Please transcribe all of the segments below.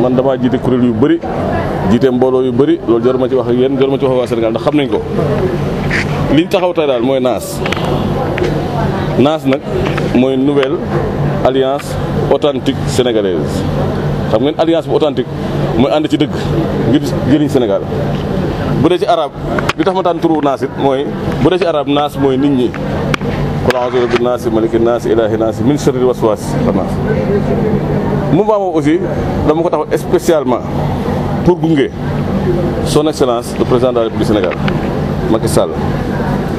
man dama jité kurel yu bari jité mbolo yu bari lolou jorma ci wax ak yeen jorma ci wax wa senegal ndax xam nañ ko liñ taxaw tay dal moy nas nas nak moy nouvelle alliance authentique sénégalaise xam ngeen alliance bu authentique moy and ci deug ngir jëriñ sénégal bu dé ci arab bi tax ma tan turu nasit moy bu dé ci arab nas moy nit ñi qul a'uuzu bi naasi maliki naasi ilaahi naasi min sharri waswaas xanaas mouvement boobu aussi dama ko taxaw spécialement pour gunge son excellence le président de la république du Sénégal Macky Sall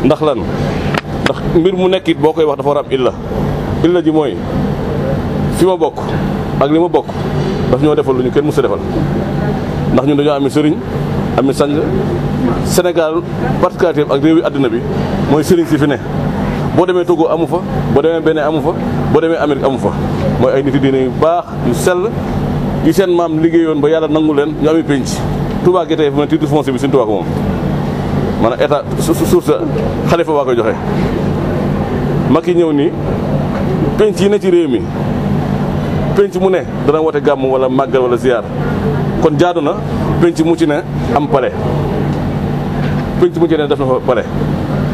ndax lan ndax mbir mu nekk boo koy wax dafa war am illa illa ji mooy fi ma bokk ak li ma bokk daf ñoo defal lu ñu kenn mësu defal ndax ñun dañoo am sëriñ am sang Sénégal particularité ak réew yi àddina bi mooy sëriñ si fi ne bo demé Togo amu fa bo demé Benin amu fa bo demé amerique amu fa moy ay nit diiné yu bax yu sel yu sen mam ligéyon ba yalla nangul len ñu amé pench Touba gété tey fu titre foncier bi suñu Touba ko mom man état source khalifa wa koy joxe Macky ñëw nii yi ne ci réew mi penc mu ne dana woté gam wala magal wala ziar kon jaaduna pench mu ci né am pale pench mu ci né def na palais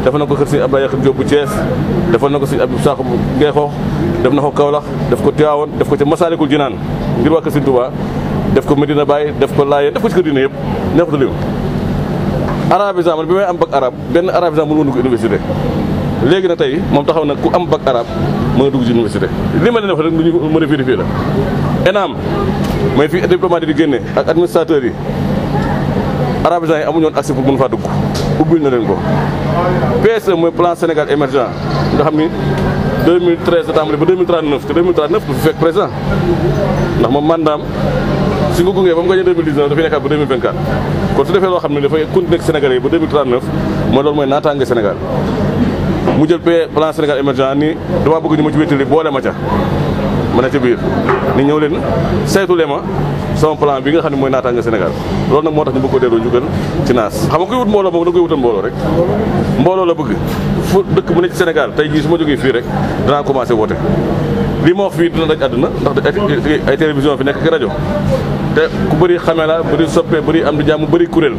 dafa na ko kër sëñ Abdoulaye Yakhine bu Thiès dafa na ko si Abib Sakho bu Ngeexoox def na ko Kaolack def ko Tivaouane def ko ci Masaalikul Jinaan ngir waa kër sëñ Touba def ko Medina Baye def ko Laaye def ko ci kër diine yëpp neexutu lim arabisant man bi may am bac arab benn arabisant mënu woon ko université léegi nag tey moom taxaw na ku am bac arab mën a dugg ci université li ma leen wax rek lu ñu mën a vérifier la ENAM may fii diplomate yi di génne ak administrateur yi arabisants yi amuñu woon accès pour mën faa dugg ubbil na leen ko PSE mooy plan Sénégal émergent nga xam ni 2013 tàmbali ba 2039 te 2039 du fi ndax moom mandaam si nga gungee ba mu gagné dafay nekkaat ba 2024 kon su defee loo xam ne dafay continuer Sénégalais yi ba 2039 mooy loolu mooy naataange Sénégal mu jël plan Sénégal émergent ni damaa bëgg ñu ma ci wéttali boole ma ma a ci biir ni ñëw leen saytu le ma sama plan bi nga xam ne mooy naataanga Sénégal loolu nag moo tax ñu bëgg ko delloo njukkal ci naas xam nga koy wut mbooloo moom da koy wutal mbooloo rek mbooloo la bëgg fu dëkk bu ne Sénégal tey jii su ma jógee fii rek danaa commencé woote lii ma wax fii dina daj àdduna ndax ay télévision fi nekk ak rajo te ku bëri xamee la bëri soppee bëri am di jàmm bëri kuréel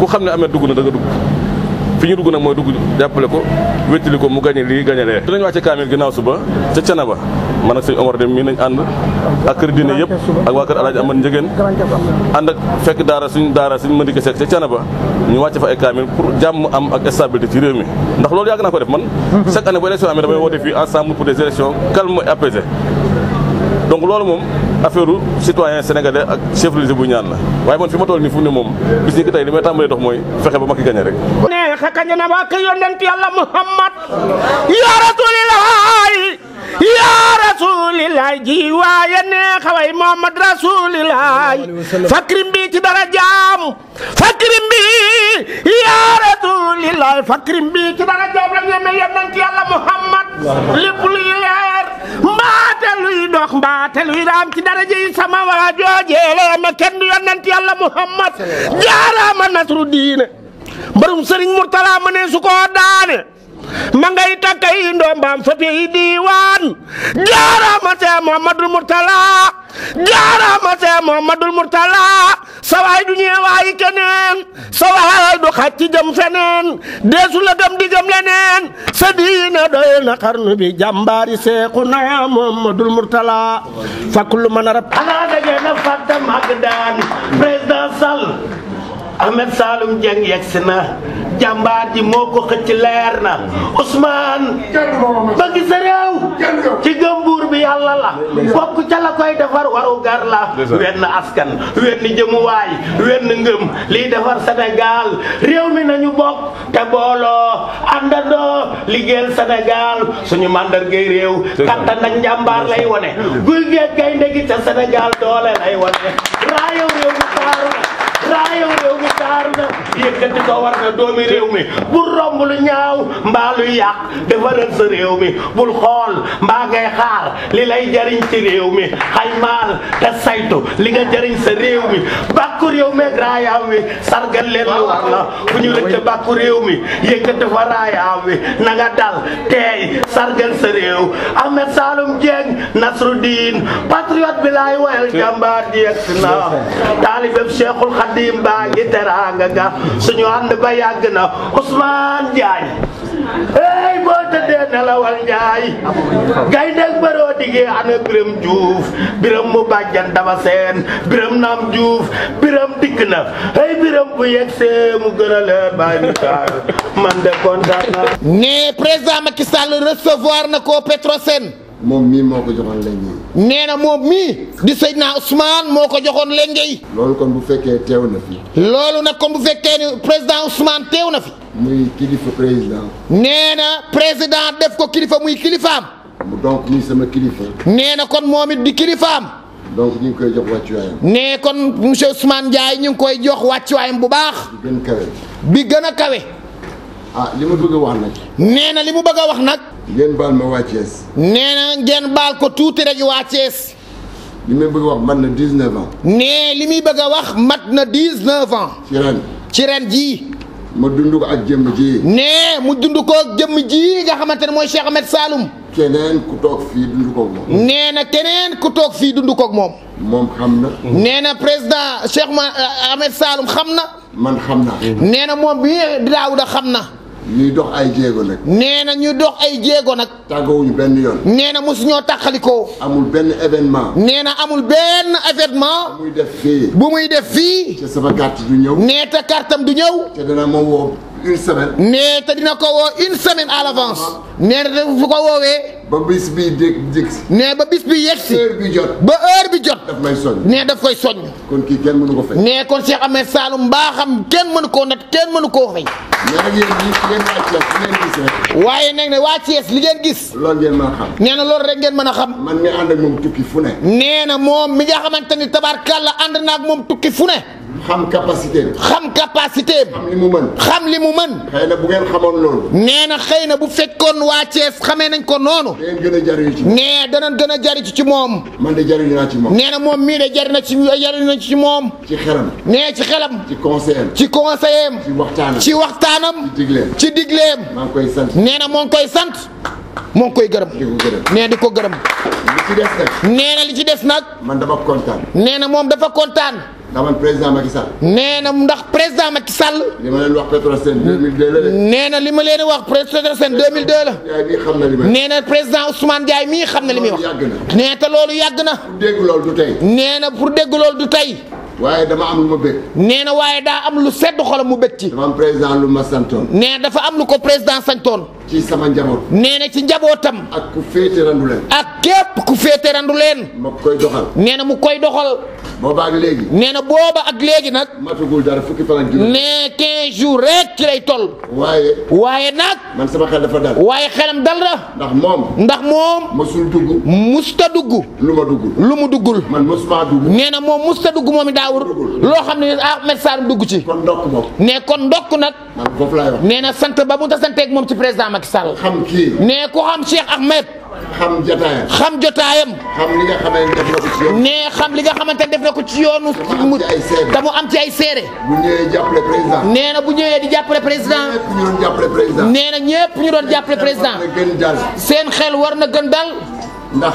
ku xam ne amee dugg na da dugg fi ñu dugg nag mooy dugg jàppale ko wéttali ko mu gañe lii gañe lee dinañ wàcce kaamil ginnaaw suba ca Canaba man ak sëñ Omar dem mii nañ ànd ak kër diine yëpp ak waa kër alaaji amat njëgéen ànd ak fekk daara suñ daara suñ mëndike seek ca Canaba ñu wàcce fa ay kaamil pour jàmm am ak stabilité ci réew mi ndax loolu yàgg naa ko def man chaque année bu élection amee damay woote fii ensemble pour des élections calmes et apaisées donc loolu moom affaireu citoyen sénégalais chef de l'île bu ñaan la waye man fi ma toll ni fu ne mom gis ni tay limay tambalé dox moy fexé ba ma ki gagné rek né xakañu na ba ke yonent yalla muhammad ya rasulillahi ya rasulillahi ji wa ya ne xaway muhammad rasulillahi fakrim bi ci dara jam fakrim bi ya rasulillahi fakrim bi ci dara jam la ñëmel yonent yalla muhammad lepp lu yéer mbaate luy dox mbaate luy raam ci daraja yi sama waa joojee ma kenn du yonent yàlla muhammad jaaraama nasru diine mbarum sëriñ murtala ma ne su daane ma ngay takkay ndombaam fa tey diiwaan jaaraama see muhammadul murtala jaaraama see Muhammadul Murtala sawaay du ñeewaayi keneen sawaay du xaj ci jëm feneen deesu la gëm di gëm leneen sa diina doy na xarnu bi jàmbaari seexu na Muhammadul Murtala fakk lu mën a rab ana daje na fàtte mag président Sall Ahmed Saloum Dieng yegsi na jàmbaar ji moo ko xëcc leer na Ousmane bëgg sa réew ci gëmbuur bi yàlla la bokk ca la koy defar waru gar la wenn askan wenn jëmuwaay wenn ngëm liy defar Sénégal réew mi nañu bokk te booloo àndandoo liggéeyal Sénégal suñu màndargay réew kattan nag njàmbaar lay wone guy geeg gaynde gi ca Sénégal doole lay wone raayaw réew mi taaru raayam réew mi taaru na yëkkati ko war na doomi réew mi bul romb lu ñaaw mbaa lu yàq defaral sa réew mi bul xool mbaa ngay xaar li lay jariñ ci réew mi xaymaal te saytu li nga jariñ sa réew mi bàkku réew meeg raayaam wi sargal leen lu war la fu ñu rëcc bàkku réew mi yëkkati fa raayaam wi na nga dal teey sargal sa réew Ahmed Saloum Dieng Nasruddin patriote bi laay wayal jàmbaar ji yegg na taalibeb Cheikhul Khadim baa ngi teraanga ga suñu ànd ba yàgg na Ousmane Diagne ey boo tëddee nelawal Njaay gayndeg baroo digee ana Biram Juuf Biram mu bàjjan daba seen Biram naam Juuf Biram dikk na ey Biram bu yegsee mu gën a leen bàyyi mu man de kontaan naa. ne président Macky Sall recevoir na ko Petrosen. moom mii moo ko joxoon lenge yi. nee na moom mii di naa Ousmane moo ko joxoon lenge yi. loolu kon bu fekkee teew na fi. loolu nag kon bu fekkee ni président Ousmane teew na fi. muy kilifa président. nee na président def ko kilifa muy kilifaam. mu donc muy sama kilifa. nee na kon moom it di kilifaam. donc ñu ngi koy jox wàccuwaayam. nee kon monsieur Ousmane Ndiaye ñu ngi koy jox wàccuwaayam bu baax. bi gën kawe. bi gën a kawe. ah li ma bëgg a wax nag. nee na ngeen baal ma waa Thiès. nee na ngeen baal ko tuuti rek waa li may bëgg a wax mat na dix neuf ans. nee li muy bëgg a wax mat na dix neuf ans. ci ren ma dund ko ak jëmm ji. nee mu dund ko ak jëmm ji nga xamante ne mooy Cheikh Ahmed Saloum. keneen ku toog fii dund moom. nee na keneen ku toog fii dund koog moom. moom xam na. nee président Cheikh Ahmed Saloum xam na. man xam naa. nee moom bii Daouda xam na. ñuy dox ay jéego nag. nee na ñu dox ay jéego nag. tàggoowuñu benn yoon. nee na mosu ñoo taxalikoo. amul benn événement. nee na amul benn événement. bu muy def fii. bu muy def fii. te sama carte du ñëw. nee te kartam du ñëw. te dana ma woo. une semaine. nee te dina ko woo une semaine à l'avance. nee na de fu ko woowee. ba bis bi dég dég si. nee ba bis bi yegg si. heure bi jot ba heure bi jot. daf may soññ. nee daf koy soññ. kon kii kenn mënu ko fay. Né kon Cheikh Ahmed Saloum mbaaxam kenn mënu koo nat kenn mënu koo fay. nee na yéen ñii yéen waa Thiès li ngeen gis rek. waaye nag ne waa Thiès li ngeen gis. loolu ngeen mën xam. nee na loolu rek ngeen mën xam. man nga ànd ak moom tukki fu ne. na moom mi nga xamante ni tabaarkàlla ànd na tukki fu av xam capacité xam capacité xam li mu mën. xam mu mën. xëy na bu ngeen xamoon loolu. nee na xëy na bu fekkoon waa Thiès xamee nañ ko noonu. gën a jariñ ci. nee danañ gën a jariñ ci moom. man de jariñ naa moom. nee na moom mii de jariñ na ci jariñ na ci moom. ci xelam. nee ci xelam. ci conseil am. ci conseil am. ci waxtaanam. ci waxtaanam. ci digleem. ci digleem. maa ngi koy sant. nee na moo ngi koy sant. moo ngi koy gërëm. nee di ko gërëm. li ci des nag. nee li ci des nag. man dafa kontaan. nee na moom dafa kontaan. ndax man ma Macky Sall. nee na ndax président Macky Sall. li ma leen wax Petrosen 2002 la de. nee na li ma wax Petrosen nee na président Ousmane Ndiaye mii xam na li muy wax. nee te loolu yàgg na. nee na loolu du tey. nee na pour dégg loolu du tey. waaye dama am lu ma bëgg. nee na waaye daa am lu sedd xolam mu bët ci. dama am président lu ma santoon. nee dafa am lu ko président sañtoon ci sama njaboot. nee na ci njabootam. ak ku féete randu leen. ak képp ku féete randu leen. ma koy doxal. nee na mu koy doxal. booba ak léegi. nee na booba ak léegi nag. matagul dara fukki fan ak nee 15 jours rek ci lay toll. waaye. waaye nag. man sama xel dafa dal. waaye xelam dal na. ndax moom. ndax moom. mosul dugg. musta dugg. lu ma duggul. lu mu duggul. man mosuma dugg. nee na moom musta dugg moom it daawul. loo xam ne ah Ahmed Sarr dugg ci. kon ndokk moom. nee kon ndokk nag. man foofu laay nee na sant ba mu ta santeeg moom ci président Macky Sall. xam kii. nee ku xam Cheikh Ahmed. xam jotaayam. xam jotaayam. xam li nga xamante ne xam li nga xamante ne def na ko ci yoonu. te mu am ci ay seere. bu jàppale nee na bu ñëwee di jàppale président. ñëpp ñu nee na ñëpp ñu doon jàppale président. seen xel war na gën dal. ndax.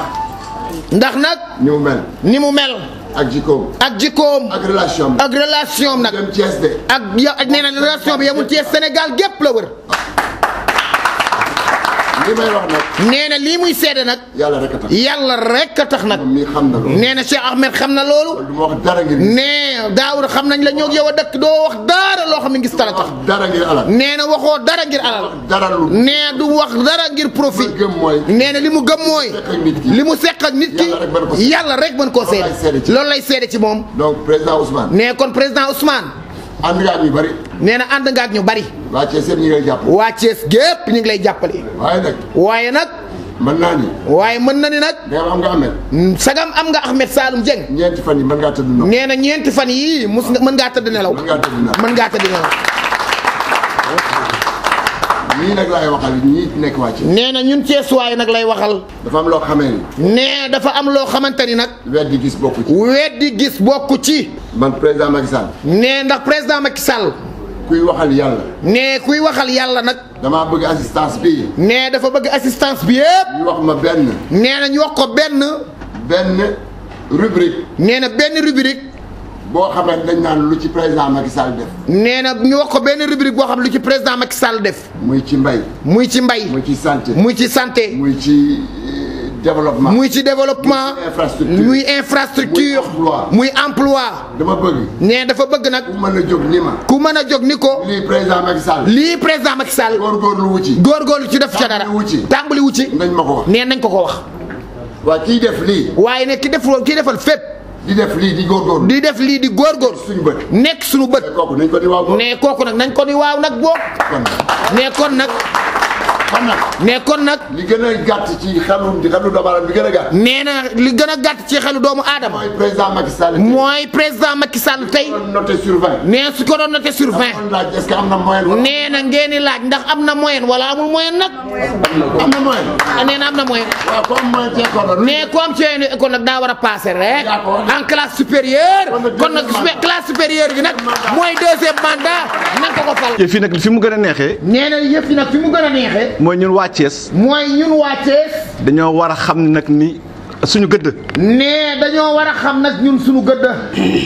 ndax nag. ni mu mel. ni mu mel. ak jikkoom ak jikkoom. ak relation am ak relation am nag. ak nee na relation bi yemul Thiès Sénégal gépp la wër. li may wax nag. nee na lii muy seede nag. yàlla rek a tax yàlla rek a tax nag. moom mii xam na loolu. nee na Cheikh Ahmed xam na loolu. kon du ma wax dara ngir. nee Daawuda xam nañ la ñoo yow a dëkk doo wax dara loo xam ne ngis tala tax. dara ngir alal. nee na waxoo dara ngir alal. dara lu nee du wax dara ngir profit. li gëm mooy. nee na li mu gëm mooy. li mu seq ak nit ki. yàlla rek mën koo seede. loolu lay seede ci moom. donc président Ousmane. nee kon président Ousmane. ànd nga ak ñu nee na ànd nga ñu bari. waa Thiès yëpp ñu ngi lay jàppale. waa Thiès ñu ngi lay jàppale. waaye nag. waaye nag. mën naa ni. waaye mën na ni nag. am nga Ahmed. sagam am nga Ahmed Saloum Dieng. ñeenti fan yi mën ngaa tëdd nelaw. nee na ñeenti fan yii mus nga mën ngaa tëdd nelaw. mën ngaa tëdd nelaw mën ngaa tëdd nelaw. ñii nag laay waxal ñii nekk waa Thiès. nee na ñun Thiès waaye nag lay waxal. dafa am loo xamee ni. nee dafa am loo xamante ni nag. weddi gis bokku ci. weddi gis bokku ci. man président Macky Sall. nee ndax président Macky Sall. kuy waxal yàlla. nee kuy waxal yàlla nag. damaa bëgg assistance bi. nee dafa bëgg assistance bi yëpp. ñu wax ma benn. nee na ñu wax ko benn. benn rubrique. nee na benn rubrique. boo xam nañ naan lu ci président Macky Sall def. nee na ñu wax ko benn rubrique boo xam lu ci président Macky Sall def. muy ci mbay. muy ci mbay. muy ci santé. muy ci santé. muy ci euh, développement. muy ci développement. muy infrastructure. muy emploi. dama bëgg. nee dafa bëgg nag. mën a jóg ni ma. ku mën a jóg ni ko. lii président Macky Sall. lii président Macky Sall. góorgóorlu wu ci. góorgóorlu ci def ca dara. tàmbali wu ci. tàmbali nañ ma ko wax nee nañ ko ko wax. waa kiy def lii. waaye ne ki def ki defal fépp. di def lii di góor góorgóorlu di def lii di góor góor góorgóorlu. suñu bët nekk suñu bët. mais kooku nañ ko ni waaw. mais kooku nag nañ ko ni waaw nag boo. mais kon nag. ne kon nag. li gën a ci xelu xelu doomu bi gën a gàtt. nee na li gën a gàtt ci xelu doomu aadama. mooy président Macky Sall tey président Macky Sall tey. nee su ko doon noté sur 20. nee na ngeen di laaj ndax am na moyen wala amul moyen nag. am na moyen ah, nee na am na moyen. waaw comme moyen ci école mais nag daa war a passé rek. en classe supérieure. kon nag classe supérieure bi nag mooy deuxième mandat na ko ko fal. yëf yi nag fi mu gën a neexee. nee na yëf yi nag fi a neexee. mooy ñun waa mooy ñun waa Thiès. dañoo war a xam nag ni suñu gëdd. nee dañoo war a xam nag ñun suñu gëdd.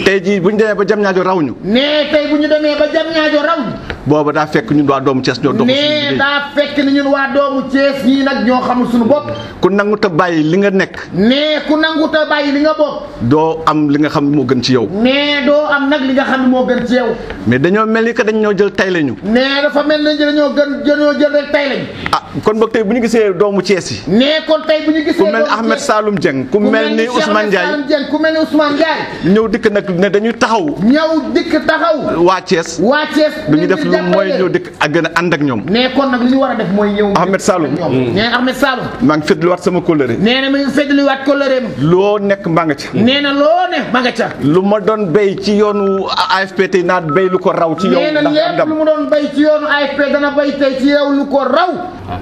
tey jii bu ñu demee ba jam ñaajo raw ñu. nee tey bu ñu demee ba jam ñaajo raw ñu. booba da fekk ñun wa doomu Thiès ñoo dox ni da fekk ni ñun wa doomu Thiès ñi nak ñoo xamul suñu bop ku nangu ta bayyi li nga nek ne ku nangu ta bayyi li nga bop do am li nga xam mo gën ci yow ne do am nak li nga xam mo gën ci yow mais dañoo melni ka que dañ ñoo jël tay lañu mais dafa melni ni dañoo gën dañoo jël rek tay lañu ah kon bok tay buñu ñu gisee doomu Thiès yi ne kon tay buñu ñu gisee ku melni Ahmed Saloum jeng ku melni Ousmane Ndiaye ku melni Ousmane Ndiaye ñew dik nak ne dañu taxaw ñew dik taxaw wa Thiès wa Thiès duñu def ñoom mooy ñëw dëkk ak gën a ànd ak ñoom mais kon nag li war a def mooy ñëw Ahmed Saloum mm. Mm. nee na Ahmed Saloum maa ngi fëddaliwaat sama kóllëre nee na mi ngi fëddaliwaat kóllëreem loo nekk maa nga ca mm. nee loo ne maa nga ca lu ma doon béy ci yoonu AFPT naa bay lu ko raw ci yow lu mu doon bay ci yoonu AFP dana béy tey ci yow lu ko raw ah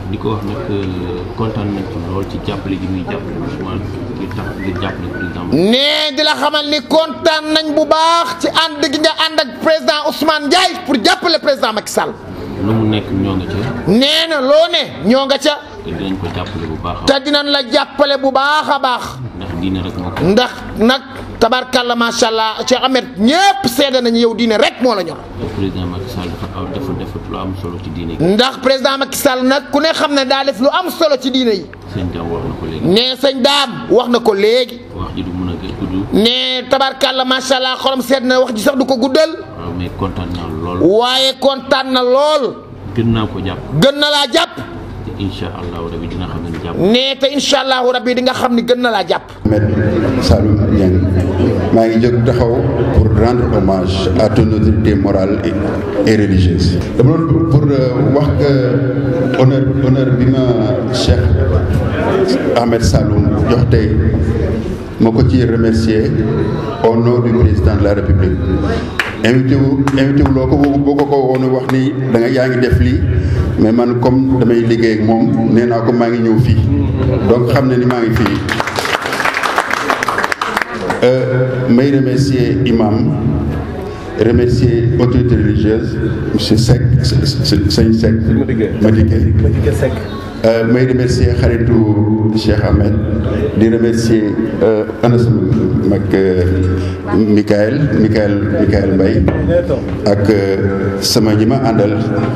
nee di la xamal ni kontaan nañ bu baax ci ànd gi nga ànd ak président Ousmane Ndiaye pour jàppale président Macky Sall. lu mu nekk nee na loo ne ñoo nga ca. te dinañ ko la jàppale bu baax a baax. ndax nag tabarkalla macha allah Cheikh amet ñëpp seede nañu yow diine rek moo la ñor. président Macky Sall ndax président Macky nag ku ne xam ne daa def lu am solo ci diine yi. nee sëñ daam wax na ko léegi. wax ji du mën allah xolam seet na wax ji sax du ko guddal. waaye kontaan na lool. waaye gën naa ko jàpp. gën na laa jàpp. te incha allahu rabi nee te incha allahu rabi di nga xam ni gën na laa jàpp. maa ngi jóg taxaw pour rendre hommage à ton autorité morale et religieuse. dama doon pour euh, wax honneur honneur bi ma Cheikh. Ahmed Saloum jox tey ma ko ci remercier au nom du président de la république Invitez-vous, invitez wu loo ko boo ko ko woon wax ni da nga yaa ngi def lii mais man comme damay liggéey ak moom nee naa ko maa ngi ñëw donc xam ne ni maa ngi fii euh, may remercier imam remercier autorité religieuse monsieur Seck sëñ Seck Madické Seck euh, may remercier xaritu Cheikh Ahmed di remercier euh, Anas mag Michael Michael Michael Bay. ak euh, sama ñi andal, àndal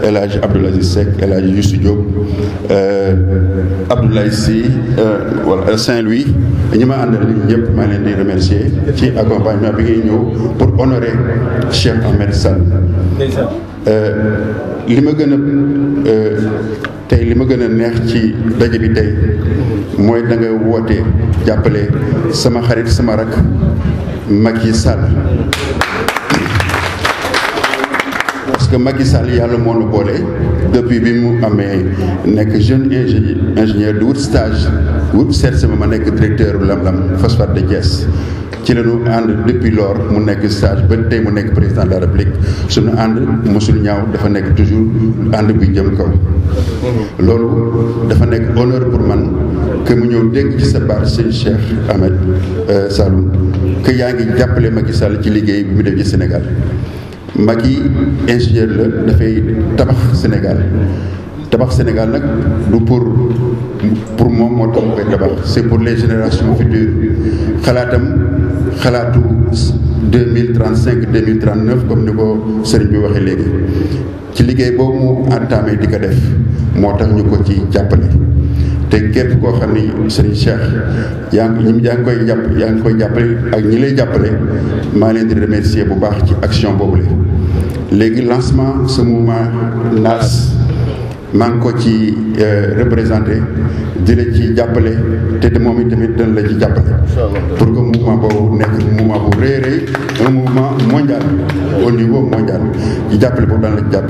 El Hadj Abdoul Aziz El Hadj Youssou Diop Abdoulaye si Saint-Louis ñi andal, àndal ñëpp maa di remercier ci accompagnement bi ngay pour honorer Cheikh Ahmed Sall li ma tey li ma gën a neex ci daje bi tey mooy da nga woote jàppale sama xarit sama rag mag yi Sall parce que Macky Sall yàlla moo nu boole depuis bi mu amee nekk jeune ingénieur ingénieur di wut stage wut seet sama ma nekk directeur Lam Lam Phosphate de Thiès ci la ñu ànd depuis lors mu nekk stage ba tey mu nekk président la la république suñu ànd mosul ñaaw dafa nekk toujours ànd bi jëm kaw. loolu dafa nekk honneur pour man que mu ñëw dégg ci sa baat seen Cheikh Ahmed euh, Saloum que yaa ngi jàppale Macky Sall ci liggéey bi mu dem ci Sénégal Macky ingénieur la dafay tabax Sénégal. tabax Sénégal nag du pour pour moom moo tax mu koy tabax c'est pour les générations futures xalaatam xalaatu 2035 2039 comme ni ko sëriñ bi waxee léegi ci liggéey boobu mu entamé di ko def moo tax ñu ko ci jàppale te képp koo xam ni sëriñ Cheikh yaa ngi yaa ngi koy jàpp yaa ngi koy jàppale ak ñi lay jàppale maa leen di remercier bu baax ci action boobu la léegi lancement ce mouvement NAS je euh, suis représenté je suis ci je suis de pour que mouvement mouvement soit réel, un mouvement mondial au niveau mondial ci jàppale pour dañ la